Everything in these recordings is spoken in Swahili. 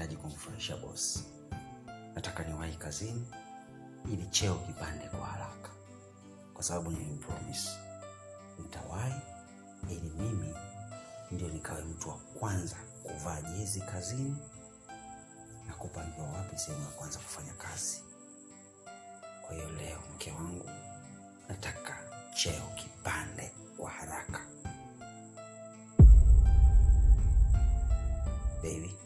nahitaji kumfurahisha bosi, nataka niwahi kazini ili cheo kipande kwa haraka, kwa sababu nilimpromise nitawahi ili mimi ndio nikawe mtu wa kwanza kuvaa jezi kazini na kupangiwa wapi sehemu ya kwanza kufanya kazi. Kwa hiyo leo, mke wangu, nataka cheo kipande kwa haraka baby.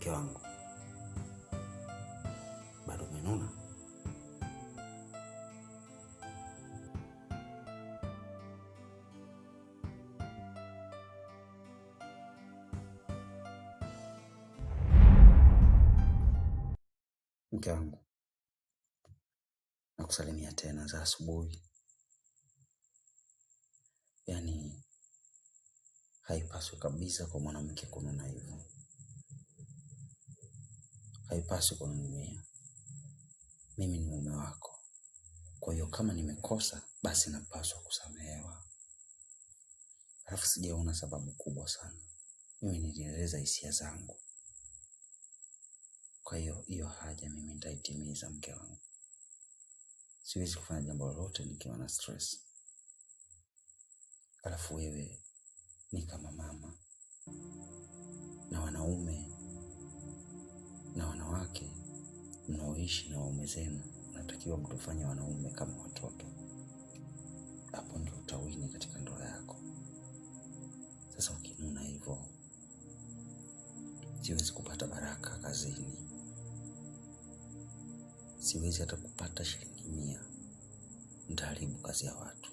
Mke wangu bado umenuna? Mke wangu nakusalimia tena za asubuhi, yaani haipaswi kabisa kwa mwanamke kununa hivyo haipaswi kuniumia. Mimi ni mume wako, kwa hiyo kama nimekosa, basi napaswa kusamehewa. Alafu sijaona sababu kubwa sana, mimi nilieleza hisia zangu. Kwa hiyo hiyo haja mimi nitaitimiza, mke wangu. Siwezi kufanya jambo lolote nikiwa na stress. Alafu wewe ni kama mama na wanaume na wanawake mnaoishi na waume zenu, natakiwa mtufanye wanaume kama watoto. Hapo ndio utawini katika ndoa yako. Sasa ukinuna hivyo, siwezi kupata baraka kazini, siwezi hata kupata shilingi mia. ntaharibu kazi ya watu,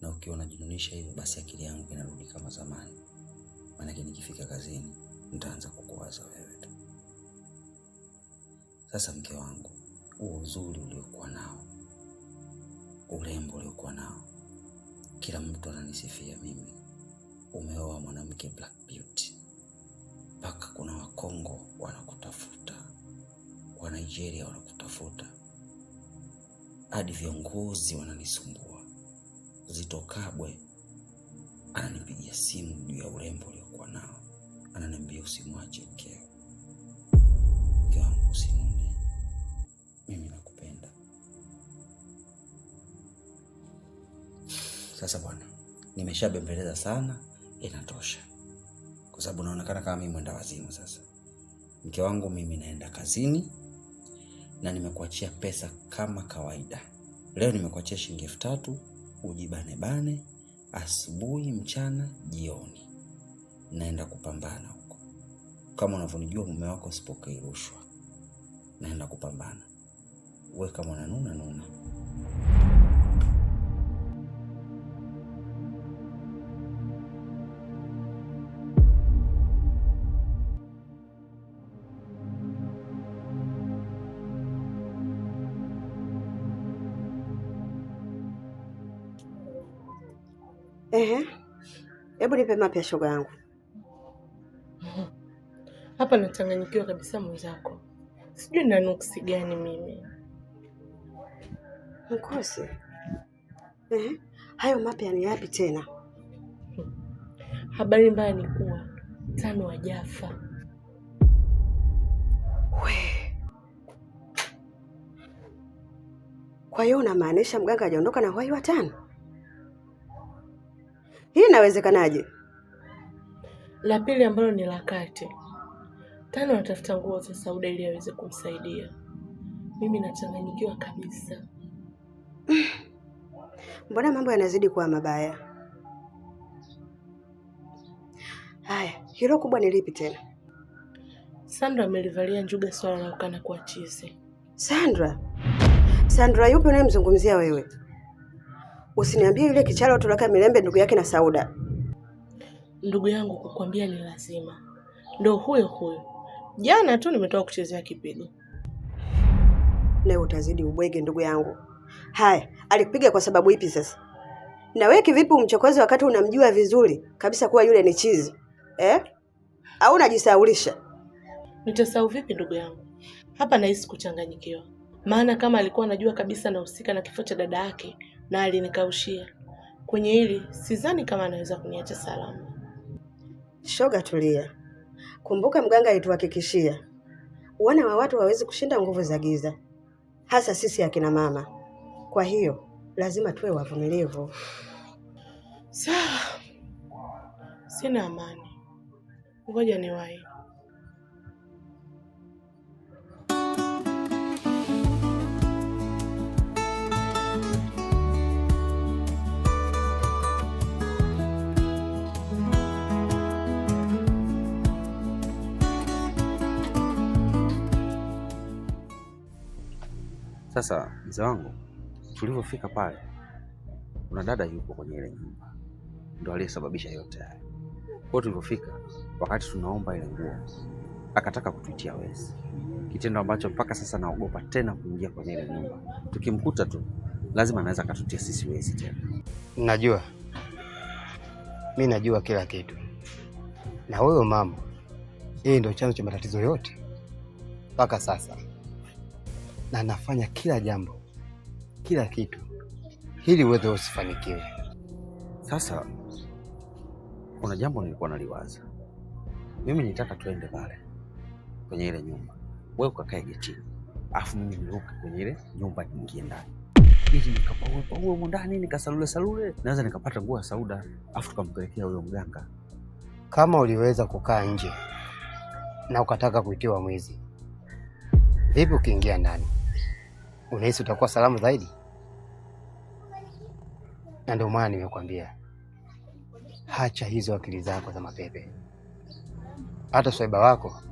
na ukiwa unajinunisha hivyo, basi akili yangu inarudi kama zamani, maanake nikifika kazini ntaanza kukuwaza wewe. Sasa mke wangu, huo uzuri uliokuwa nao, urembo uliokuwa nao, kila mtu ananisifia mimi, umeoa mwanamke black beauty, mpaka kuna Wakongo wanakutafuta, wanigeria Nigeria wanakutafuta, hadi viongozi wananisumbua. zitokabwe Kabwe ananipigia simu juu ya urembo uliokuwa nao, ananiambia usimwache mkeo. sasa bwana, nimeshabembeleza sana, inatosha, kwa sababu naonekana kama mimi mwenda wazimu. Sasa mke wangu, mimi naenda kazini na nimekuachia pesa kama kawaida. Leo nimekuachia shilingi elfu tatu ujibanebane, asubuhi, mchana, jioni, naenda kupambana huko. Kama unavyonijua mume wako sipokei rushwa, naenda kupambana. We kama unanuna nuna Hebu nipe mapya shoga yangu. Hapa nachanganyikiwa kabisa mwenzako. Sijui na nuksi gani mimi. Mkosi. Eh, hayo mapya ni yapi tena? Habari mbaya ni kuwa tano wajafa. We. Kwa hiyo unamaanisha mganga hajaondoka na wai watano? Hii inawezekanaje? La pili ambalo ni la kati, Tano anatafuta nguo za Sauda ili aweze kumsaidia. Mimi nachanganyikiwa kabisa. Mbona mambo yanazidi kuwa mabaya? Haya, hilo kubwa ni lipi tena? Sandra amelivalia njuga swala la ukana kuwa chizi. Sandra? Sandra yupi unayemzungumzia wewe? Usiniambie yule kichara utoroka Milembe ndugu yake na Sauda. Ndugu yangu, kukwambia ni lazima. Ndo huyo huyo, jana tu nimetoka kuchezea kipigo. Leo utazidi ubwege, ndugu yangu. Haya, alikupiga kwa sababu ipi sasa? Na wewe kivipi umchokozi wakati unamjua vizuri kabisa kuwa yule ni chizi eh? Au unajisaulisha? Nitasahau vipi ndugu yangu? Hapa nahisi kuchanganyikiwa, maana kama alikuwa anajua kabisa anahusika na, na kifo cha dada yake na alinikaushia. Kwenye hili sidhani kama anaweza kuniacha salama. Shoga, tulia. Kumbuka mganga alituhakikishia wana wa watu wawezi kushinda nguvu za giza, hasa sisi akina mama. Kwa hiyo lazima tuwe wavumilivu. Sawa, sina amani, ngoja niwahi. Sasa mzee wangu, tulivyofika pale, kuna dada yupo kwenye ile nyumba, ndo aliyesababisha yote haya. Kwa tulivyofika, wakati tunaomba ile nguo, akataka kutuitia wezi, kitendo ambacho mpaka sasa naogopa tena kuingia kwenye ile nyumba. Tukimkuta tu lazima anaweza akatutia sisi wezi tena. Najua mi najua kila kitu, na huyo mama, yeye ndio chanzo cha matatizo yote mpaka sasa na nafanya kila jambo, kila kitu ili uweze usifanikiwe. Sasa kuna jambo nilikuwa naliwaza mimi, nitaka tuende pale kwenye ile nyumba, wewe ukakae getini, afu mimi niruke kwenye ile nyumba nyingine ndani ili nikapaue humo ndani nikasalule salule, naweza nikapata nguo ya Sauda, afu tukampelekea huyo mganga. Kama uliweza kukaa nje na ukataka kuitiwa mwizi, vipi ukiingia ndani? unahisi utakuwa salama zaidi, na ndio maana nimekwambia hacha hizo akili zako za mapepe. Hata swaiba wako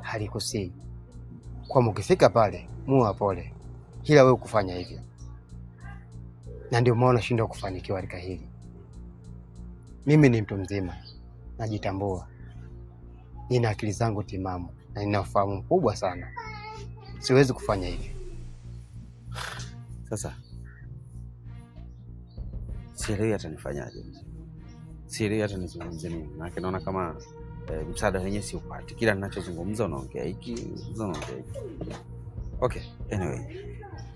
halikusii kwa mkifika pale muwa pole, ila wewe kufanya hivyo, na ndio maana unashindwa kufanikiwa katika hili. Mimi ni mtu mzima, najitambua, nina akili zangu timamu na nina ufahamu mkubwa sana, siwezi kufanya hivyo. Sasa sielewi hata nifanyaje, sielewi hata nizungumze nini, manake naona kama e, msaada wenyewe upati Kila ninachozungumza unaongea hiki, unaongea hiki. Okay, anyway,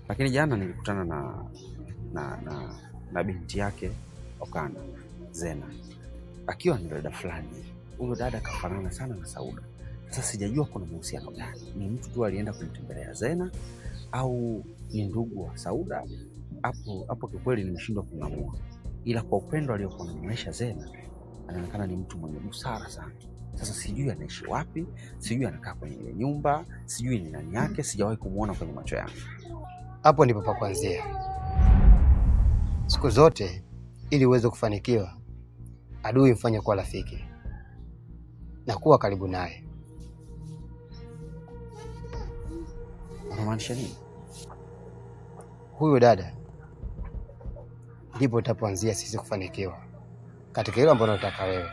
lakini jana nilikutana na na, na, na binti yake Okana Zena akiwa ni dada fulani. Huyo dada kafanana sana na Sauda. Sasa sijajua kuna mahusiano gani, ni mtu tu alienda kumtembelea Zena au ni ndugu wa Sauda, hapo hapo kikweli nimeshindwa kung'amua, ila kwa upendo aliokuwa Zena anaonekana ni mtu mwenye busara sana. Sasa sijui anaishi wapi, sijui anakaa kwenye ile nyumba, sijui ni nani yake, sijawahi kumwona kwenye macho yangu. Hapo ndipo pa kuanzia. Siku zote ili uweze kufanikiwa, adui mfanye kuwa rafiki na kuwa karibu naye. Unamaanisha nini? huyo dada, ndipo utapoanzia sisi kufanikiwa katika hilo ambalo nataka wewe,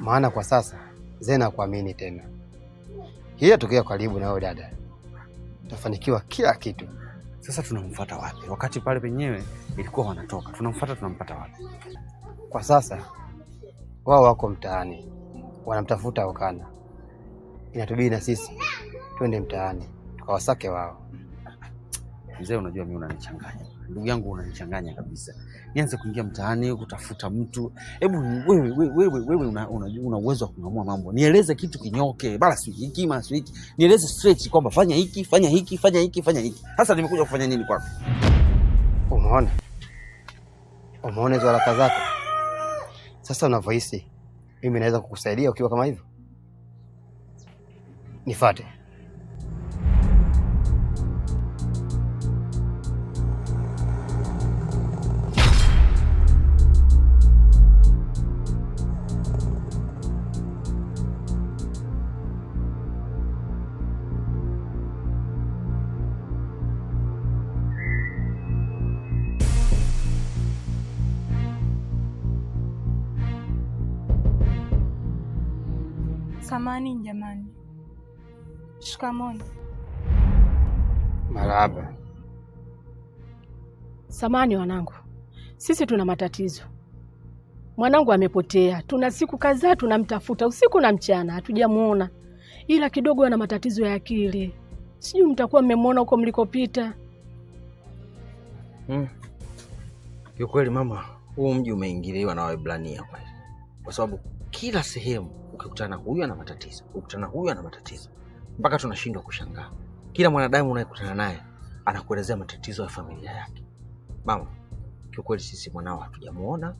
maana kwa sasa Zena kuamini tena, hiyo tukiwa karibu na wewe dada, tutafanikiwa kila kitu. Sasa tunamfuata wapi, wakati pale penyewe ilikuwa wanatoka? Tunamfuata, tunampata wapi? Kwa sasa wao wako mtaani wanamtafuta Okana, inatubidi na sisi twende mtaani tukawasake wao. Mzee, unajua mimi unanichanganya, ndugu yangu, unanichanganya kabisa. Nianze kuingia mtaani kutafuta mtu? Hebu wewe wewe wewe, una uwezo wa kungamua mambo, nieleze kitu kinyoke, bala si hiki ma si hiki, nieleze straight kwamba fanya hiki fanya hiki fanya hiki fanya hiki. Sasa nimekuja kufanya nini kwako? Umeona, umeona hizo haraka zako. Sasa unavyohisi mimi naweza kukusaidia ukiwa kama hivyo, Nifuate. nini jamani, shikamoni. Marahaba. Samani wanangu, sisi tuna matatizo. Mwanangu amepotea, tuna siku kadhaa tunamtafuta usiku na mchana, hatujamwona, ila kidogo ana matatizo ya akili. Sijui mtakuwa mmemwona huko mlikopita. Hmm. Kiukweli mama, huu mji umeingiliwa na Waebrania kweli, kwa sababu kila sehemu ukikutana huyu ana matatizo, ukikutana huyu ana matatizo, mpaka tunashindwa kushangaa. Kila mwanadamu unayekutana naye anakuelezea matatizo ya familia yake. Mama, kiukweli sisi mwanao hatujamuona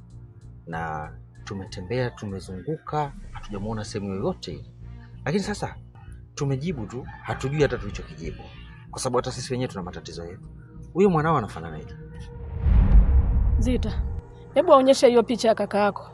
na tumetembea tumezunguka, hatujamuona sehemu yoyote lakini sasa tumejibu tu, hatujui hata tulichokijibu, kwa sababu hata sisi wenyewe tuna matatizo yetu. Huyu mwanao anafanana hivi. Zita, hebu aonyeshe hiyo picha ya kaka yako.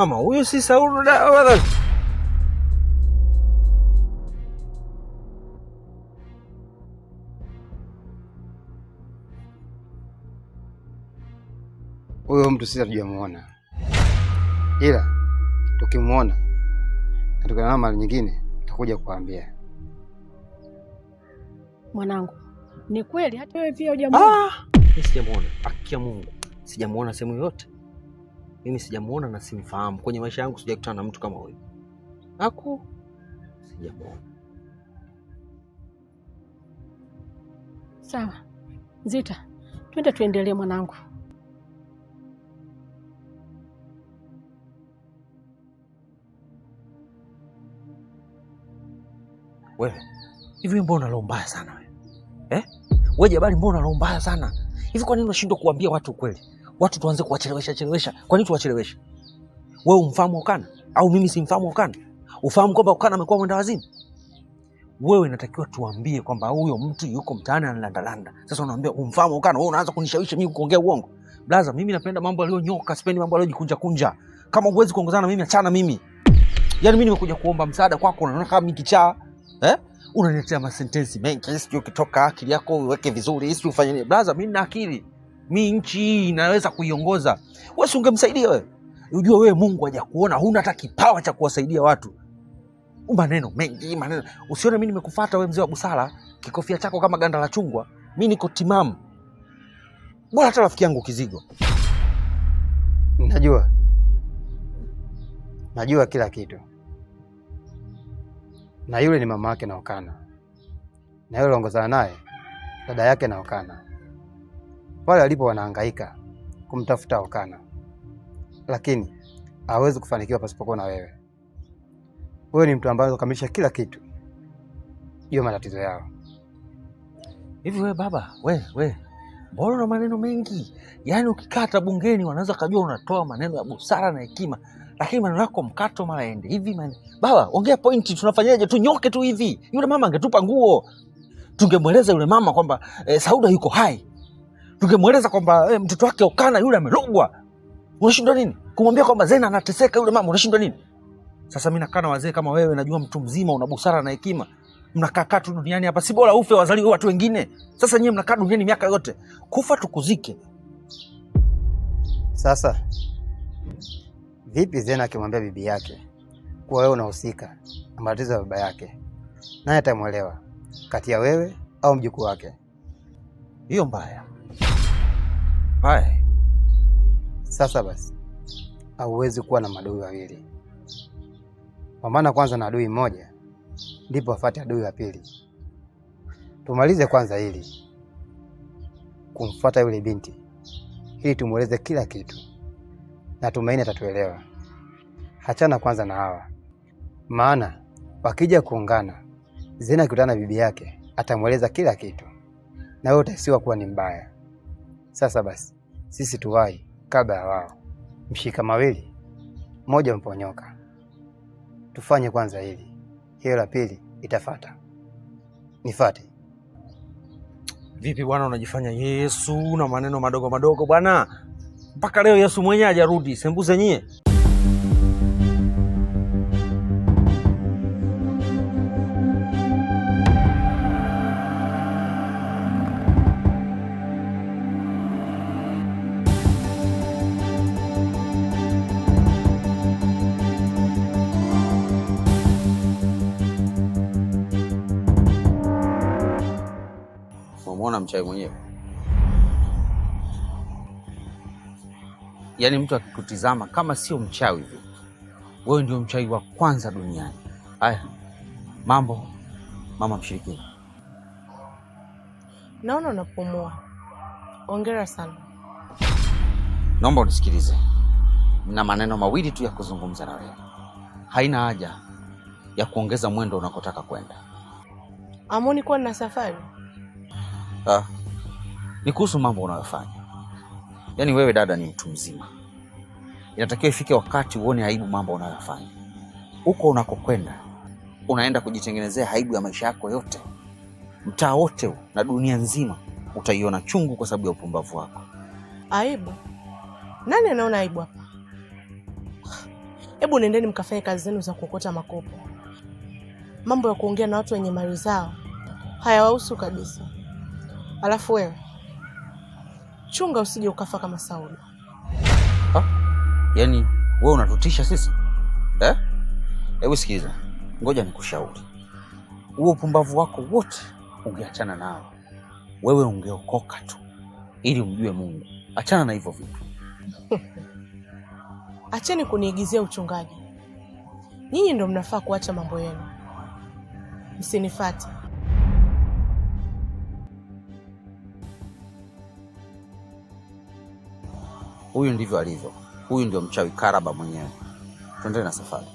Mama huyo si Saulu Dawadhan. Huyo mtu sisi hatujamuona, ila tukimwona na mara nyingine takuja kuambia mwanangu. Ni kweli hata wewe pia hujamuona? Ah, sijamuona, akia Mungu sijamuona sehemu yote mimi sijamuona na simfahamu kwenye maisha yangu, sijakutana na mtu kama huyu. Aku sijamuona. Sawa Zita, twende tuendelee, mwanangu. Wewe hivi mbona unalo mbaya sana wewe eh? Wewe jabali, mbona unalo mbaya sana hivi? Kwa nini unashindwa kuambia watu ukweli? watu tuanze kuwachelewesha chelewesha. Kwa nini tuwachelewesha? Wewe umfahamu Okana au mimi simfahamu Okana? Ufahamu kwamba Okana amekuwa mwenda wazimu? Wewe natakiwa tuambie kwamba huyo mtu yuko mtaani analandalanda. Sasa unaambia umfahamu Okana, wewe unaanza kunishawishi mimi kuongea uongo. Blaza, mimi napenda mambo yaliyonyoka, sipendi mambo yaliyojikunja kunja. Kama huwezi kuongozana na mimi, achana mimi. Yaani mimi nimekuja kuomba msaada kwako, unaona kama mimi kichaa. Eh? Unaniletea masentensi mengi, sio ukitoka akili yako uweke vizuri, sio ufanye nini. Blaza, mimi nina akili mi nchi hii inaweza kuiongoza. Wewe ungemsaidia wewe? Ujue wewe Mungu hajakuona, huna hata kipawa cha kuwasaidia watu. Maneno mengi maneno, usione mi nimekufata wewe, mzee wa busara, kikofia chako kama ganda la chungwa. Mi niko timamu, bora hata rafiki yangu Kizigo. Najua, najua kila kitu, na yule ni mama yake na Okana, na yule ongozana naye dada yake na pale alipo wanahangaika kumtafuta Okana, lakini hawezi kufanikiwa pasipokuwa na wewe. Wewe ni mtu ambaye ukamilisha kila kitu hiyo matatizo yao. Hivi wewe baba, we we, mbona una maneno mengi? Yaani ukikata bungeni wanaweza kujua unatoa maneno ya busara na hekima, lakini maneno yako mkato mara ende hivi. Man... Baba, ongea pointi, tunafanyaje? Tunyoke tu hivi? Yule mama angetupa nguo, tungemweleza yule mama kwamba eh, Sauda yuko hai tungemweleza kwamba eh, mtoto wake Okana yule amelogwa. Unashindwa nini kumwambia kwamba Zena anateseka yule mama? Unashindwa nini? Sasa mi nakaa na wazee kama wewe, najua mtu mzima, una busara na hekima, mnakaa tu duniani hapa, si bora ufe wazaliwe watu wengine? Sasa nyie mnakaa duniani miaka yote, kufa tukuzike. Sasa vipi Zena akimwambia bibi yake kuwa wewe unahusika na matatizo ya baba yake, naye atamwelewa kati ya wewe au mjukuu wake? Hiyo mbaya. Haya, sasa basi, hauwezi kuwa na madui wawili. maana kwanza na adui mmoja, ndipo afate adui wa pili. Tumalize kwanza hili kumfuata yule binti, ili tumweleze kila kitu na Tumaini atatuelewa. Hachana kwanza na hawa, maana wakija kuungana Zena akikutana na bibi yake atamweleza kila kitu, na wewe utahisiwa kuwa ni mbaya. Sasa basi sisi tuwai kabla ya wao. Mshika mawili, mmoja mponyoka. Tufanye kwanza hili, hiyo la pili itafata. Nifate vipi bwana? Unajifanya Yesu na maneno madogo madogo bwana. Mpaka leo Yesu mwenyewe hajarudi, Sembuze nyie. chai mwenyewe. Yaani mtu akikutizama kama sio mchawi hivi, wewe ndio mchawi wa kwanza duniani. Haya mambo, mama mshirikina, naona unapumua. Ongera sana. Naomba unisikilize, na maneno mawili tu ya kuzungumza na wewe, haina haja ya kuongeza mwendo unakotaka kwenda. Amoni kuwa na safari Ah, ni kuhusu mambo unayofanya. Yaani wewe dada ni mtu mzima, inatakiwa ifike wakati uone aibu mambo unayofanya. Huko unakokwenda unaenda kujitengenezea aibu ya maisha yako yote, mtaa wote na dunia nzima utaiona chungu kwa sababu ya upumbavu wako. Aibu? Nani anaona aibu hapa? Hebu nendeni mkafanye kazi zenu za kuokota makopo. Mambo ya kuongea na watu wenye mali zao hayawahusu kabisa. Alafu wewe chunga usije ukafa kama saudi Ha? Yaani wewe unatutisha sisi eh? Hebu sikiza, ngoja nikushauri. Huo upumbavu wako wote ungeachana nao, wewe ungeokoka tu ili umjue Mungu. Achana na hivyo vitu acheni kuniigizia uchungaji. Nyinyi ndio mnafaa kuacha mambo yenu, msinifate. Huyu ndivyo alivyo, huyu ndio mchawi Karaba mwenyewe. Tuendelee na safari.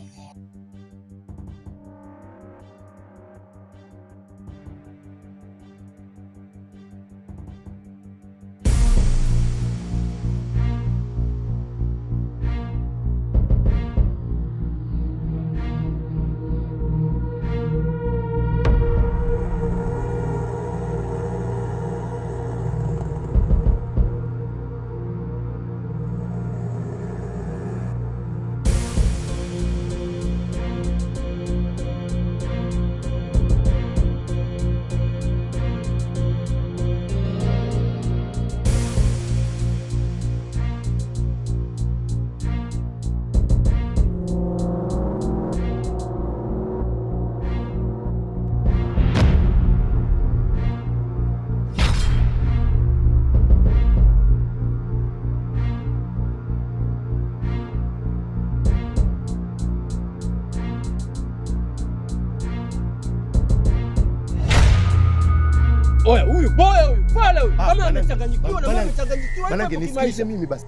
Manake nisikilize mimi basi.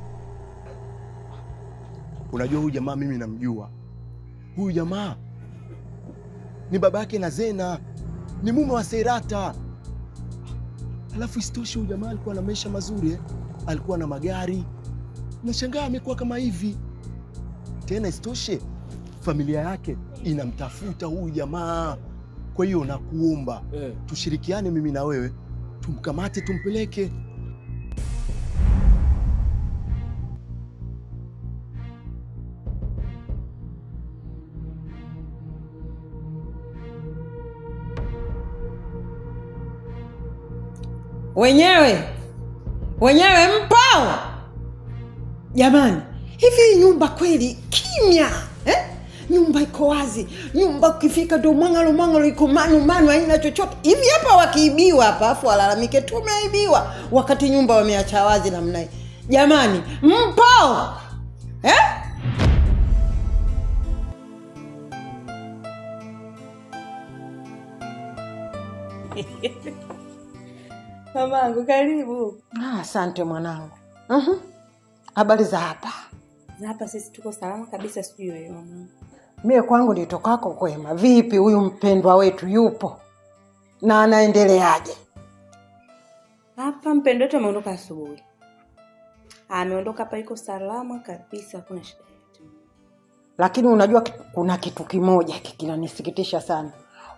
Unajua huyu jamaa mimi namjua. Huyu jamaa ni baba yake na Zena, ni mume wa Serata. Alafu isitoshe huyu jamaa alikuwa na maisha mazuri eh? Alikuwa na magari. Nashangaa amekuwa kama hivi tena. Isitoshe familia yake inamtafuta huyu jamaa. Kwa hiyo nakuomba eh. tushirikiane mimi na wewe, tumkamate tumpeleke wenyewe wenyewe mpo jamani hivi nyumba kweli kimya eh? nyumba iko wazi nyumba ukifika ndo mwangalo mwangalo iko manumanu haina chochote hivi hapa wakiibiwa hapa afu walalamike tu tumeibiwa wakati nyumba wameacha wazi namna hii jamani mpo eh? Mamangu karibu. Ah, asante mwanangu. Mhm. Habari za hapa? Za hapa sisi tuko salama kabisa, sijui wewe mwanangu. Mie kwangu nitokako kwema. Vipi huyu mpendwa wetu yupo na anaendeleaje? Hapa mpendwa wetu ameondoka asubuhi, ameondoka hapa, yuko salama kabisa, kuna shida. Lakini unajua kuna kitu kimoja kinanisikitisha sana.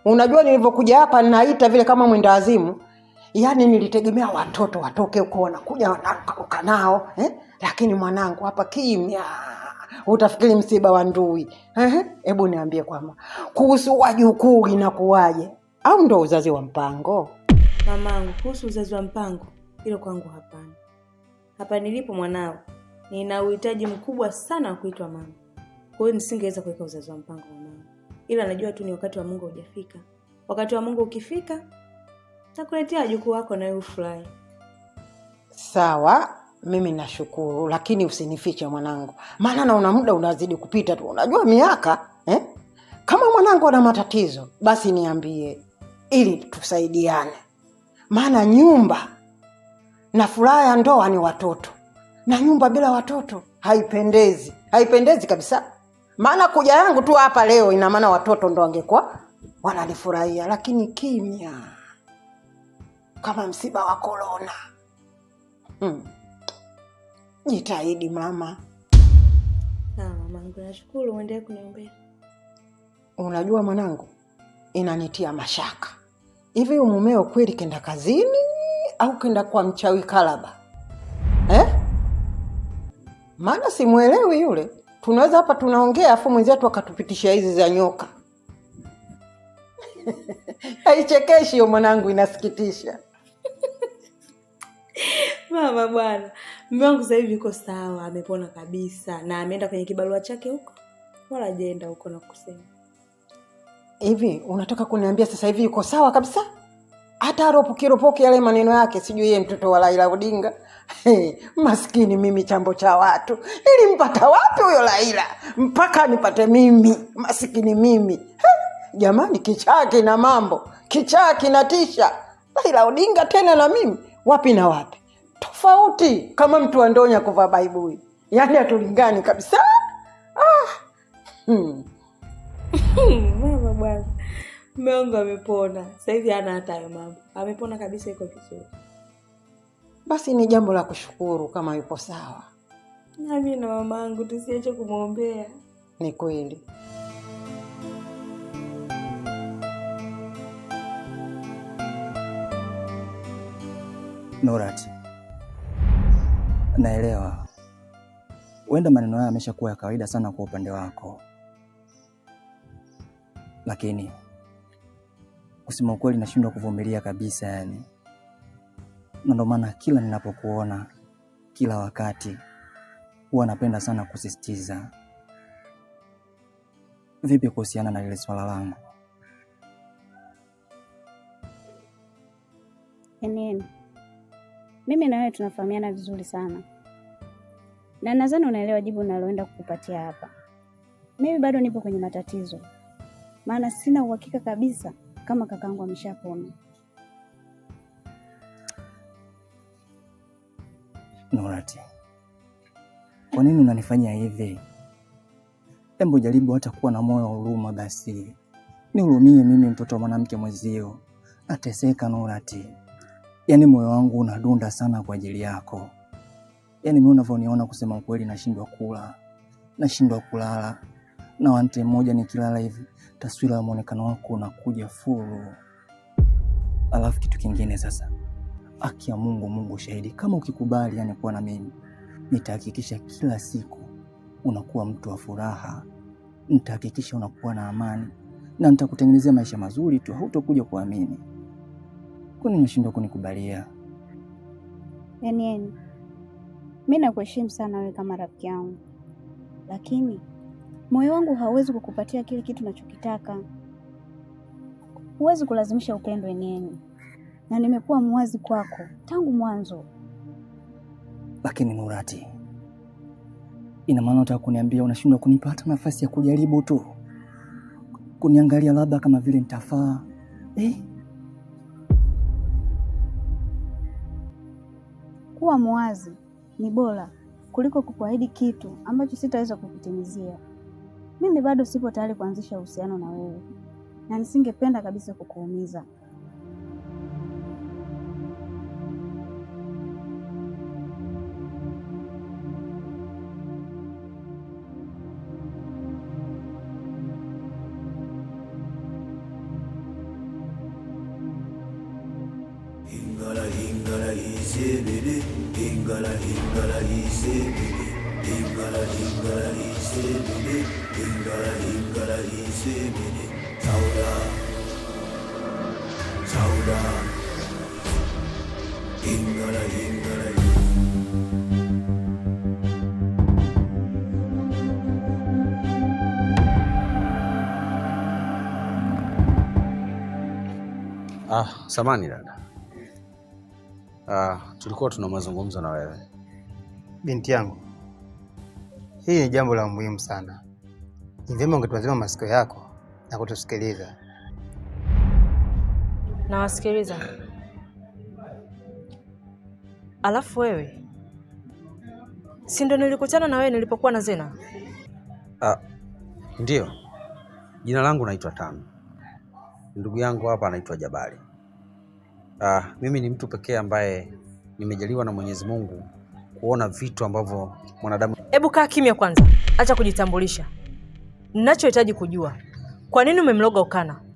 Unajua nilivyokuja hapa ninaita vile kama mwenda azimu yaani nilitegemea watoto watoke huko wanakuja wanaruka nao eh? lakini mwanangu hapa kimya utafikiri msiba wa ndui hebu niambie kwamba kuhusu wajukuu inakuwaje au ndo uzazi wa mpango mamangu kuhusu uzazi wa mpango ilo kwangu hapana hapa nilipo mwanao nina uhitaji mkubwa sana wa kuitwa mama kwa hiyo nisingeweza kuweka uzazi wa mpango mwanao ila najua tu ni wakati wa mungu hujafika wakati wa mungu ukifika takuletea wajukuu wako nawe ufurahi. Sawa, mimi nashukuru, lakini usinifiche mwanangu, maana naona muda unazidi kupita tu. Unajua miaka eh? Kama mwanangu ana matatizo basi niambie, ili tusaidiane, maana nyumba na furaha ya ndoa ni watoto, na nyumba bila watoto haipendezi, haipendezi kabisa. Maana kuja yangu tu hapa leo, ina maana watoto ndo wangekuwa wananifurahia, lakini kimya kama msiba wa korona. Hmm. Jitahidi mama. mamangu, nashukuru uendelee kuniombea. Unajua mwanangu, inanitia mashaka hivi umumeo kweli kenda kazini au kenda kwa mchawi Kalaba eh? Maana simwelewi yule. Tunaweza hapa tunaongea afu mwenzetu akatupitisha hizi za nyoka haichekeshi yo mwanangu, inasikitisha. Mama bwana, mume wangu sasa hivi yuko sawa, amepona kabisa na ameenda kwenye kibarua chake huko, wala ajaenda huko na kusema hivi. Unataka kuniambia sasa hivi yuko sawa kabisa? Hata aropokiropoki yale maneno yake, sijui yeye mtoto wa Laila udinga Hey, maskini mimi, chambo cha watu ili mpata wapi huyo Laila mpaka nipate mimi, maskini mimi. Hey, jamani, kichaa kina mambo, kichaa tisha Laila Odinga tena na mimi wapi na wapi tofauti kama mtu andonya kuvaa baibui yaani hatulingani kabisa ah! hmm. mama bwana mme wangu amepona sahivi ana hata hayo mambo amepona kabisa iko vizuri basi ni jambo la kushukuru kama yupo sawa nami na mamangu tusiache kumwombea ni kweli Norat, naelewa huenda maneno haya ameshakuwa ya kawaida sana kwa upande wako, lakini kusema ukweli nashindwa kuvumilia kabisa, yani na ndio maana kila ninapokuona kila wakati huwa napenda sana kusisitiza. Vipi kuhusiana na lile swala langu? Nini? Mimi na wewe tunafahamiana vizuri sana, na nadhani unaelewa jibu naloenda kukupatia hapa. Mimi bado nipo kwenye matatizo, maana sina uhakika kabisa kama kakaangu ameshapona. Norati, kwa nini unanifanyia hivi? embo jaribu hata kuwa na moyo wa huruma basi, nihurumie mimi, mtoto wa mwanamke mwezio ateseka. Norati, yani moyo wangu unadunda sana kwa ajili yako. yani mimi unavyoniona, kusema ukweli, nashindwa kula, nashindwa kulala, na wante mmoja nikilala hivi, taswira ya muonekano wako unakuja fulu. Alafu kitu kingine sasa, aki ya Mungu, Mungu shahidi, kama ukikubali yani kuwa na mimi, nitahakikisha kila siku unakuwa mtu wa furaha, nitahakikisha unakuwa na amani na nitakutengenezea maisha mazuri tu, hautokuja kuamini. Kwani umeshindwa kunikubalia? Yaani yani, mi nakuheshimu sana wewe kama rafiki yangu, lakini moyo wangu hauwezi kukupatia kile kitu nachokitaka. Huwezi kulazimisha upendo Enieni, na nimekuwa mwazi kwako tangu mwanzo. Lakini Nurati, ina maana unataka kuniambia unashindwa kunipa hata nafasi ya kujaribu tu kuniangalia, labda kama vile nitafaa eh? Kuwa mwazi ni bora kuliko kukuahidi kitu ambacho sitaweza kukutimizia. Mimi bado sipo tayari kuanzisha uhusiano na wewe na nisingependa kabisa kukuumiza. iyisi beni Dingara dingara iyisi beni Dingara dingara iyisi beni Dingara dingara iyisi beni Çavra Çavra Dingara dingara Ah, saman ilerle. Uh, tulikuwa tuna mazungumzo na wewe binti yangu. Hii ni jambo la muhimu sana, ni vyema ungetuazima masikio yako na kutusikiliza. Nawasikiliza. Alafu wewe, si ndo nilikutana na wewe nilipokuwa na Zena? Uh, ah, ndiyo. Jina langu naitwa Tano, ndugu yangu hapa anaitwa Jabali. Uh, mimi ni mtu pekee ambaye nimejaliwa na Mwenyezi Mungu kuona vitu ambavyo mwanadamu. Hebu kaa kimya kwanza, acha kujitambulisha. Ninachohitaji kujua, kwa nini umemloga Ukana?